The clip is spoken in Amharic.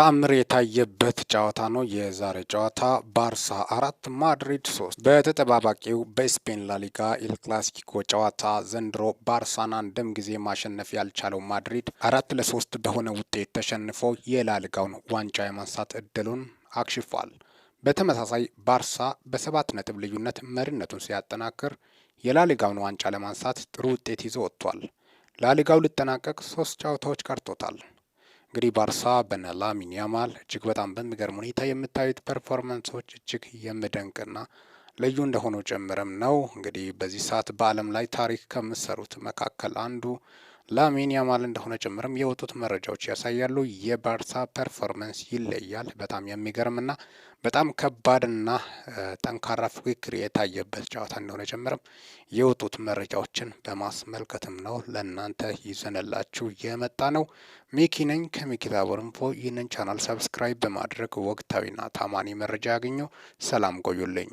ተአምር የታየበት ጨዋታ ነው የዛሬ ጨዋታ። ባርሳ አራት ማድሪድ ሶስት በተጠባባቂው በስፔን ላሊጋ ኤልክላሲኮ ጨዋታ ዘንድሮ ባርሳን አንድም ጊዜ ማሸነፍ ያልቻለው ማድሪድ አራት ለሶስት በሆነ ውጤት ተሸንፎ የላሊጋውን ዋንጫ የማንሳት እድሉን አክሽፏል። በተመሳሳይ ባርሳ በሰባት ነጥብ ልዩነት መሪነቱን ሲያጠናክር የላሊጋውን ዋንጫ ለማንሳት ጥሩ ውጤት ይዞ ወጥቷል። ላሊጋው ሊጠናቀቅ ሶስት ጨዋታዎች ቀርቶታል። እንግዲህ ባርሳ በነ ላሚን ያማል እጅግ በጣም በሚገርም ሁኔታ የምታዩት ፐርፎርማንሶች እጅግ የሚደንቅና ልዩ እንደሆኑ ጭምርም ነው። እንግዲህ በዚህ ሰዓት በዓለም ላይ ታሪክ ከምሰሩት መካከል አንዱ ላሚን ያማል እንደሆነ ጭምርም የወጡት መረጃዎች ያሳያሉ። የባርሳ ፐርፎርመንስ ይለያል። በጣም የሚገርምና በጣም ከባድና ጠንካራ ፉክክር የታየበት ጨዋታ እንደሆነ ጭምርም የወጡት መረጃዎችን በማስመልከትም ነው ለእናንተ ይዘንላችሁ የመጣ ነው። ሚኪ ነኝ ይህንን ቻናል ሰብስክራይብ በማድረግ ወቅታዊና ታማኒ መረጃ ያገኙ። ሰላም ቆዩልኝ።